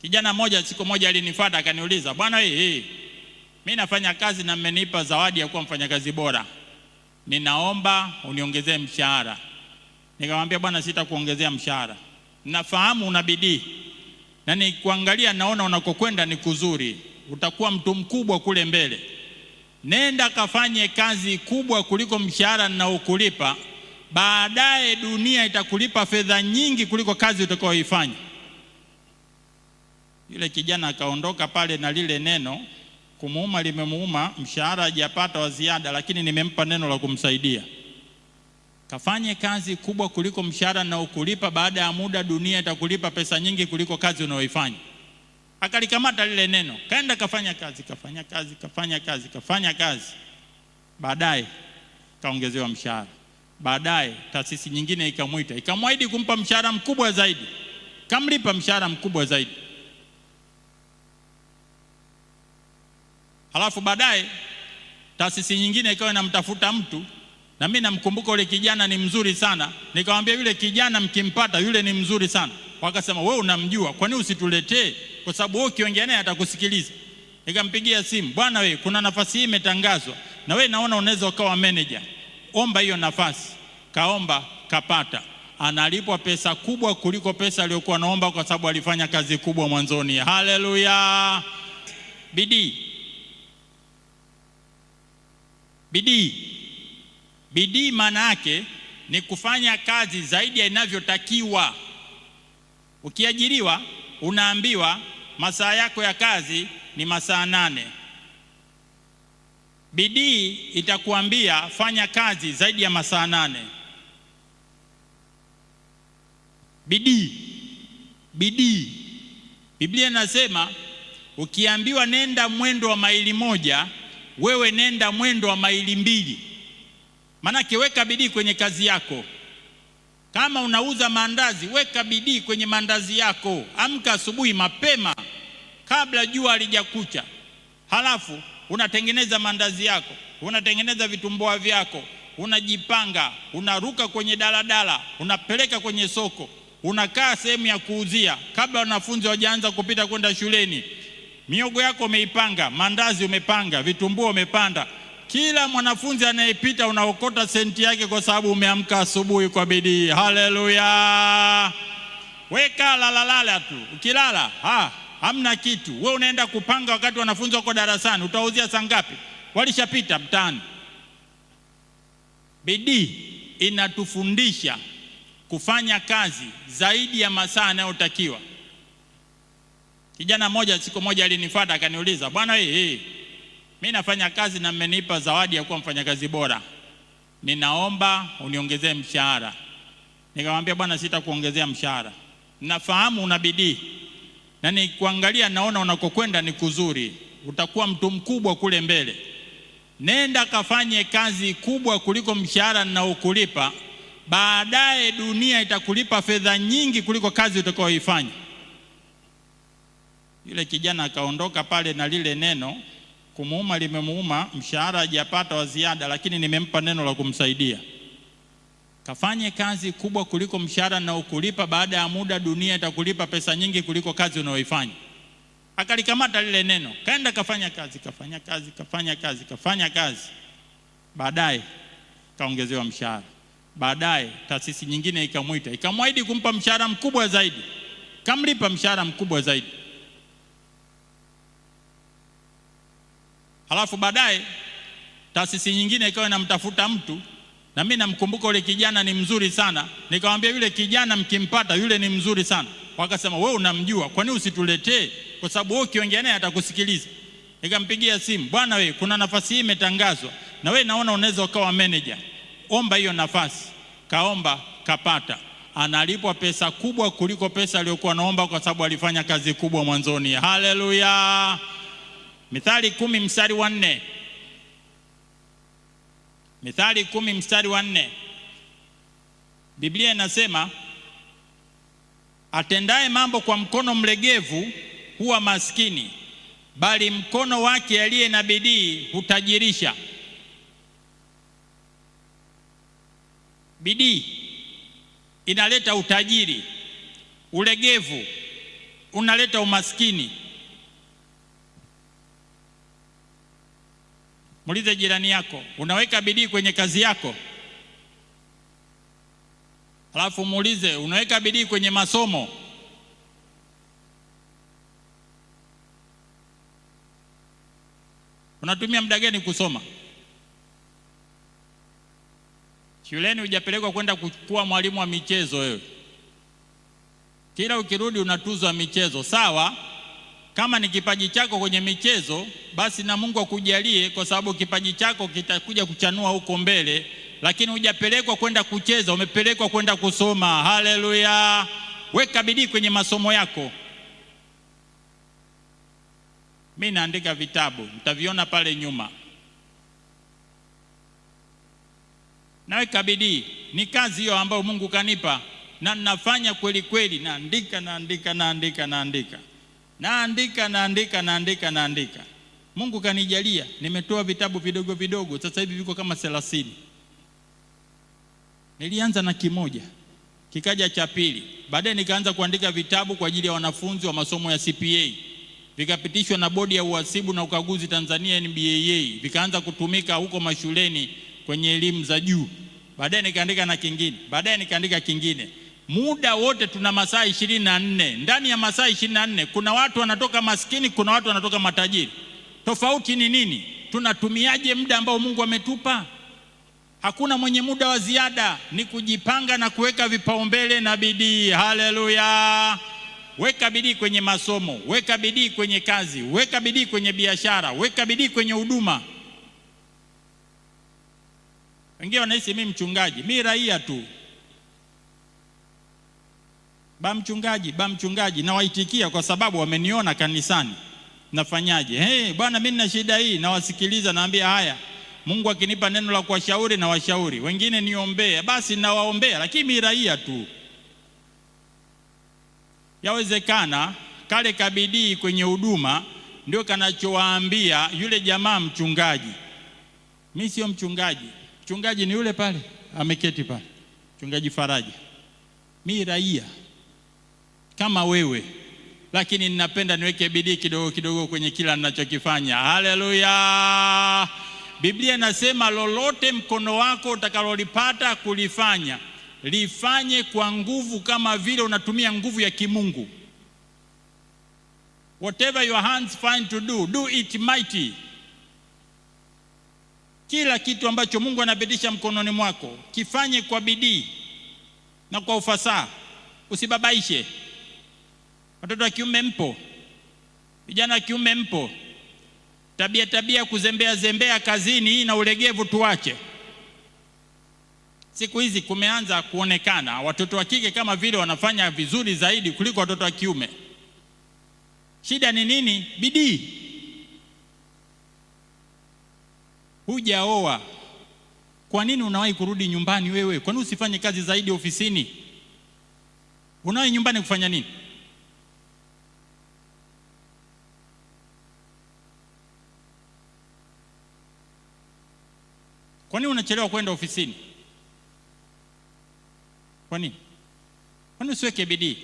Kijana mmoja siku moja alinifuata akaniuliza, bwana, hii mimi nafanya kazi na mmenipa zawadi ya kuwa mfanyakazi bora, ninaomba uniongezee mshahara. Nikamwambia, bwana, sitakuongezea mshahara, nafahamu una bidii na nikuangalia, naona unakokwenda ni kuzuri, utakuwa mtu mkubwa kule mbele. Nenda kafanye kazi kubwa kuliko mshahara ninaokulipa, baadaye dunia itakulipa fedha nyingi kuliko kazi utakayoifanya. Yule kijana akaondoka pale na lile neno, kumuuma limemuuma, mshahara hajapata wa ziada, lakini nimempa neno la kumsaidia. Kafanye kazi kubwa kuliko mshahara na ukulipa, Baada ya muda, dunia itakulipa pesa nyingi kuliko kazi unayoifanya. Akalikamata lile neno, kaenda kafanya kazi, kafanya kazi, kafanya kazi, kafanya kazi. Baadaye kaongezewa mshahara. Baadaye taasisi nyingine ikamwita, ikamwahidi kumpa mshahara mkubwa zaidi, kamlipa mshahara mkubwa zaidi. Halafu baadaye taasisi nyingine ikawa inamtafuta mtu na mimi namkumbuka yule kijana ni mzuri sana, nikamwambia yule kijana mkimpata yule ni mzuri sana. Wakasema wewe unamjua, kwa nini usituletee? Kwa sababu wewe ukiongea naye atakusikiliza. Nikampigia simu, bwana we, kuna nafasi hii imetangazwa na we naona unaweza ukawa manager, omba hiyo nafasi. Kaomba kapata, analipwa pesa kubwa kuliko pesa aliyokuwa naomba, kwa sababu alifanya kazi kubwa mwanzoni. Haleluya, bidii Bidii, bidii maana yake ni kufanya kazi zaidi ya inavyotakiwa. Ukiajiriwa unaambiwa masaa yako ya kazi ni masaa nane. Bidii itakuambia fanya kazi zaidi ya masaa nane. Bidii, bidii. Biblia inasema ukiambiwa nenda mwendo wa maili moja wewe nenda mwendo wa maili mbili. manake weka bidii kwenye kazi yako. Kama unauza maandazi, weka bidii kwenye maandazi yako. Amka asubuhi mapema, kabla jua halijakucha, halafu unatengeneza maandazi yako, unatengeneza vitumbua vyako, unajipanga, unaruka kwenye daladala, unapeleka kwenye soko, unakaa sehemu ya kuuzia kabla wanafunzi wajaanza kupita kwenda shuleni miogo yako umeipanga, mandazi umepanga, vitumbua umepanda. Kila mwanafunzi anayepita unaokota senti yake, kwa sababu umeamka asubuhi kwa bidii. Haleluya! Weka lalalala tu, ukilala ha, hamna kitu. We unaenda kupanga wakati wanafunzi wako darasani, utauzia saa ngapi? Walishapita mtaani. Bidii inatufundisha kufanya kazi zaidi ya masaa yanayotakiwa. Kijana mmoja siku moja alinifuata akaniuliza, bwana, hii hii mimi nafanya kazi na mmenipa zawadi ya kuwa mfanyakazi bora, ninaomba uniongezee mshahara. Nikamwambia, bwana, sitakuongezea mshahara, nafahamu una bidii na nikuangalia, naona unakokwenda ni kuzuri, utakuwa mtu mkubwa kule mbele. Nenda kafanye kazi kubwa kuliko mshahara ninaokulipa, baadaye dunia itakulipa fedha nyingi kuliko kazi utakayoifanya. Yule kijana akaondoka pale na lile neno, kumuuma limemuuma, mshahara hajapata wa ziada, lakini nimempa neno la kumsaidia. Kafanye kazi kubwa kuliko mshahara na ukulipa. Baada ya muda, dunia itakulipa pesa nyingi kuliko kazi unayoifanya. Akalikamata lile neno, kaenda kafanya kazi, kafanya kazi, kafanya kazi, kafanya kazi. Baadaye kaongezewa mshahara. Baadaye taasisi nyingine ikamwita, ikamwahidi kumpa mshahara mkubwa zaidi, kamlipa mshahara mkubwa zaidi. Halafu baadaye taasisi nyingine ikawa inamtafuta mtu, na mimi namkumbuka yule kijana ni mzuri sana, nikamwambia yule kijana mkimpata yule ni mzuri sana. Wakasema wewe unamjua, kwa nini usituletee? Kwa sababu wewe ukiongea naye atakusikiliza. Nikampigia simu, bwana wewe, kuna nafasi hii imetangazwa na wewe naona unaweza ukawa manager, omba hiyo nafasi. Kaomba kapata, analipwa pesa kubwa kuliko pesa aliyokuwa naomba, kwa sababu alifanya kazi kubwa mwanzoni. Haleluya! Mithali kumi mstari wa nne. Mithali kumi mstari wa nne, Biblia inasema atendaye mambo kwa mkono mlegevu huwa maskini, bali mkono wake aliye na bidii hutajirisha. Bidii inaleta utajiri, ulegevu unaleta umaskini. muulize jirani yako, unaweka bidii kwenye kazi yako? Alafu muulize, unaweka bidii kwenye masomo? Unatumia muda gani kusoma? Shuleni hujapelekwa kwenda kuchukua mwalimu wa michezo wewe. Kila ukirudi unatuzwa michezo, sawa? Kama ni kipaji chako kwenye michezo, basi na Mungu akujalie, kwa sababu kipaji chako kitakuja kuchanua huko mbele, lakini hujapelekwa kwenda kucheza, umepelekwa kwenda kusoma. Haleluya! Weka bidii kwenye masomo yako. Mi naandika vitabu, mtaviona pale nyuma. Naweka bidii, ni kazi hiyo ambayo Mungu kanipa, na nafanya kweli kweli, naandika naandika naandika naandika naandika naandika naandika naandika. Mungu kanijalia, nimetoa vitabu vidogo vidogo, sasa hivi viko kama 30. Nilianza na kimoja, kikaja cha pili, baadaye nikaanza kuandika vitabu kwa ajili ya wanafunzi wa masomo ya CPA, vikapitishwa na bodi ya uhasibu na ukaguzi Tanzania NBAA, vikaanza kutumika huko mashuleni kwenye elimu za juu. Baadaye nikaandika na kingine, baadaye nikaandika kingine muda wote tuna masaa ishirini na nne. Ndani ya masaa ishirini na nne kuna watu wanatoka maskini, kuna watu wanatoka matajiri. Tofauti ni nini? Tunatumiaje muda ambao Mungu ametupa? Hakuna mwenye muda wa ziada, ni kujipanga na kuweka vipaumbele na bidii. Haleluya! Weka bidii kwenye masomo, weka bidii kwenye kazi, weka bidii kwenye biashara, weka bidii kwenye huduma. Wengine wanahisi mimi mchungaji, mimi raia tu ba mchungaji, ba mchungaji, nawaitikia kwa sababu wameniona kanisani. Nafanyaje? Hey, bwana, mimi nina shida hii. Nawasikiliza, naambia haya, Mungu akinipa neno la kuwashauri na washauri wengine, niombee basi, nawaombea, lakini raia tu. Yawezekana kale kabidii kwenye huduma ndio kanachowaambia yule jamaa mchungaji. Mi sio mchungaji, mchungaji ni yule pale ameketi pale, mchungaji Faraja. Mi raia kama wewe, lakini ninapenda niweke bidii kidogo kidogo kwenye kila ninachokifanya. Haleluya! Biblia inasema lolote mkono wako utakalolipata kulifanya lifanye kwa nguvu, kama vile unatumia nguvu ya kimungu. Whatever your hands find to do do it mighty. Kila kitu ambacho Mungu anapitisha mkononi mwako kifanye kwa bidii na kwa ufasaha, usibabaishe. Watoto wa kiume mpo, vijana wa kiume mpo. Tabia tabia kuzembea zembea kazini na ulegevu tuache. Siku hizi kumeanza kuonekana watoto wa kike kama vile wanafanya vizuri zaidi kuliko watoto wa kiume. Shida ni nini? Bidii. Hujaoa, kwa nini unawahi kurudi nyumbani wewe? Kwa nini usifanye kazi zaidi ofisini? Unawahi nyumbani kufanya nini? Kwa nini unachelewa kwenda ofisini? Kwa nini? Kwa nini usiweke bidii?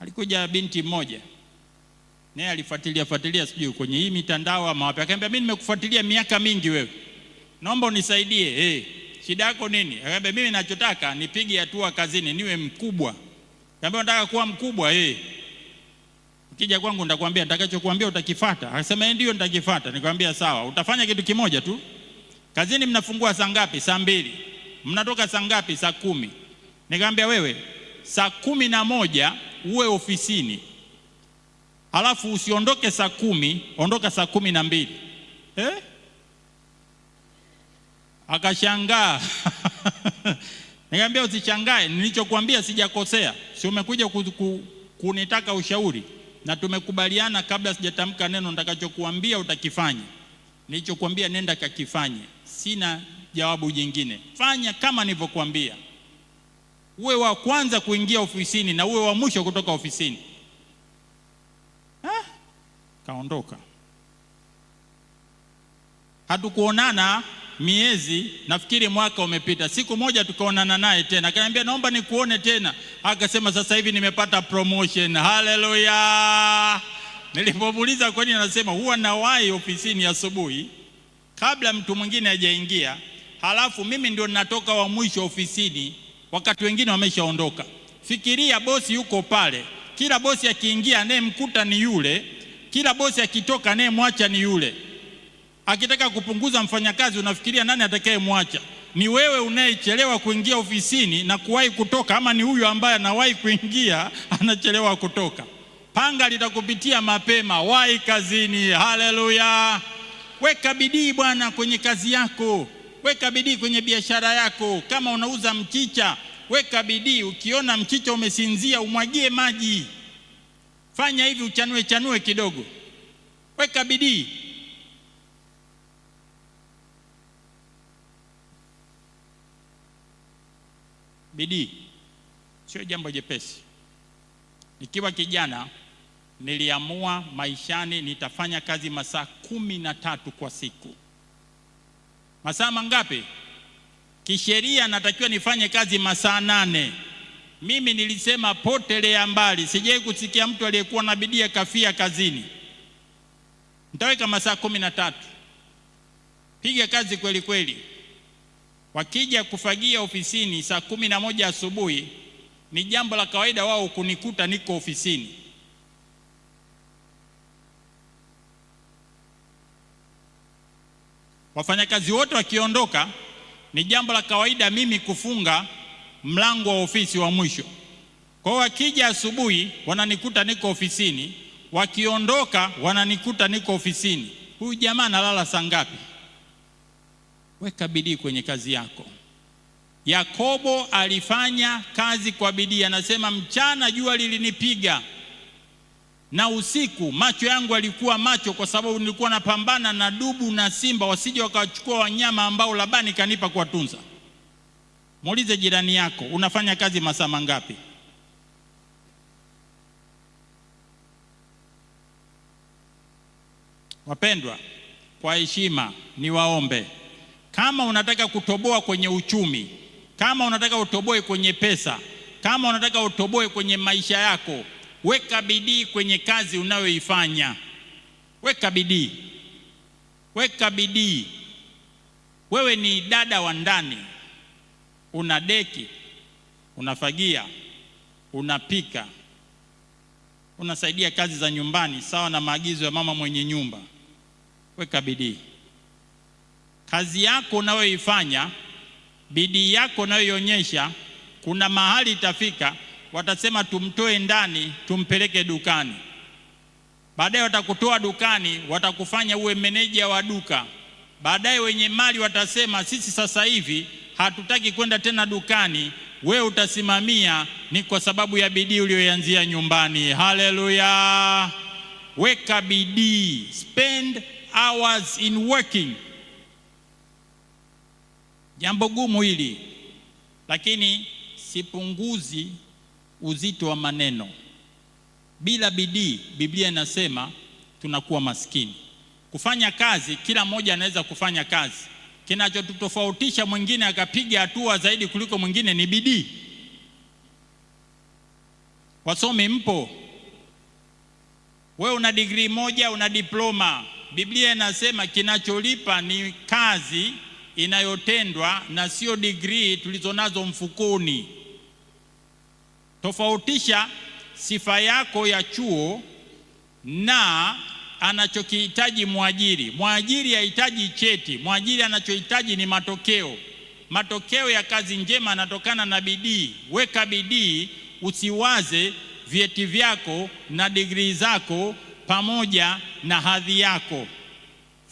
Alikuja binti mmoja naye alifuatilia fuatilia, sijui kwenye hii mitandao ama wapi, akaambia mimi nimekufuatilia miaka mingi wewe, naomba unisaidie. Hey, eh, shida yako nini? Akaambia mimi nachotaka nipige hatua kazini, niwe mkubwa. Akaambia nataka kuwa mkubwa. Hey, eh. ukija kwangu nitakwambia, nitakachokuambia utakifata. Akasema eh, ndio, nitakifuata. Nikamwambia sawa, utafanya kitu kimoja tu Kazini mnafungua saa ngapi? Saa mbili. Mnatoka saa ngapi? Saa kumi. Nikamwambia wewe, saa kumi na moja uwe ofisini, halafu usiondoke saa kumi, ondoka saa kumi na mbili. Eh? Akashangaa. Nikamwambia usichangae, nilichokuambia sijakosea, si umekuja kunitaka ushauri na tumekubaliana kabla sijatamka neno nitakachokuambia utakifanya. Nilichokuambia nenda kakifanye sina jawabu jingine. Fanya kama nilivyokuambia, uwe wa kwanza kuingia ofisini na uwe wa mwisho kutoka ofisini. Kaondoka, hatukuonana miezi, nafikiri mwaka umepita. Siku moja tukaonana naye tena, akaniambia naomba nikuone tena. Akasema sasa hivi nimepata promotion. Haleluya! Nilipomuuliza kwani, anasema huwa nawahi ofisini asubuhi kabla mtu mwingine hajaingia, halafu mimi ndio ninatoka wa mwisho ofisini wakati wengine wameshaondoka. Fikiria bosi yuko pale, kila bosi akiingia anayemkuta ni yule, kila bosi akitoka anayemwacha ni yule. Akitaka kupunguza mfanyakazi, unafikiria nani atakayemwacha? Ni wewe unayechelewa kuingia ofisini na kuwahi kutoka, ama ni huyu ambaye anawahi kuingia anachelewa kutoka? Panga litakupitia mapema, wahi kazini. Haleluya! Weka bidii bwana kwenye kazi yako, weka bidii kwenye biashara yako. Kama unauza mchicha, weka bidii. Ukiona mchicha umesinzia, umwagie maji, fanya hivi, uchanue chanue kidogo, weka bidii. Bidii sio jambo jepesi. Nikiwa kijana niliamua maishani nitafanya kazi masaa kumi na tatu kwa siku. Masaa mangapi? Kisheria natakiwa nifanye kazi masaa nane. Mimi nilisema potelea mbali, sijai kusikia mtu aliyekuwa na bidii kafia kazini. Nitaweka masaa kumi na tatu, piga kazi kweli kweli. Wakija kufagia ofisini saa kumi na moja asubuhi, ni jambo la kawaida wao kunikuta niko ofisini Wafanyakazi wote wakiondoka, ni jambo la kawaida mimi kufunga mlango wa ofisi wa mwisho. Kwa hiyo wakija asubuhi wananikuta niko ofisini, wakiondoka wananikuta niko ofisini. Huyu jamaa analala saa ngapi? Weka bidii kwenye kazi yako. Yakobo alifanya kazi kwa bidii, anasema mchana jua lilinipiga na usiku macho yangu yalikuwa macho, kwa sababu nilikuwa napambana na dubu na simba, wasije wakawachukua wanyama ambao Labani kanipa kuwatunza. Muulize jirani yako, unafanya kazi masaa mangapi? Wapendwa, kwa heshima niwaombe, kama unataka kutoboa kwenye uchumi, kama unataka utoboe kwenye pesa, kama unataka utoboe kwenye maisha yako Weka bidii kwenye kazi unayoifanya, weka bidii, weka bidii. Wewe ni dada wa ndani, una deki, unafagia, unapika, unasaidia kazi za nyumbani, sawa na maagizo ya mama mwenye nyumba. Weka bidii kazi yako unayoifanya, bidii yako unayoionyesha, kuna mahali itafika watasema tumtoe ndani tumpeleke dukani. Baadaye watakutoa dukani, watakufanya uwe meneja wa duka. Baadaye wenye mali watasema sisi sasa hivi hatutaki kwenda tena dukani, we utasimamia, ni kwa sababu ya bidii uliyoanzia nyumbani. Haleluya! Weka bidii, spend hours in working. Jambo gumu hili, lakini sipunguzi uzito wa maneno. Bila bidii, Biblia inasema tunakuwa maskini. Kufanya kazi, kila mmoja anaweza kufanya kazi. Kinachotutofautisha mwingine akapiga hatua zaidi kuliko mwingine ni bidii. Wasomi mpo, wewe una degree moja, una diploma. Biblia inasema kinacholipa ni kazi inayotendwa na sio digrii tulizonazo mfukoni. Tofautisha sifa yako ya chuo na anachokihitaji mwajiri. Mwajiri hahitaji cheti, mwajiri anachohitaji ni matokeo. Matokeo ya kazi njema yanatokana na bidii. Weka bidii, usiwaze vyeti vyako na digrii zako pamoja na hadhi yako.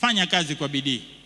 Fanya kazi kwa bidii.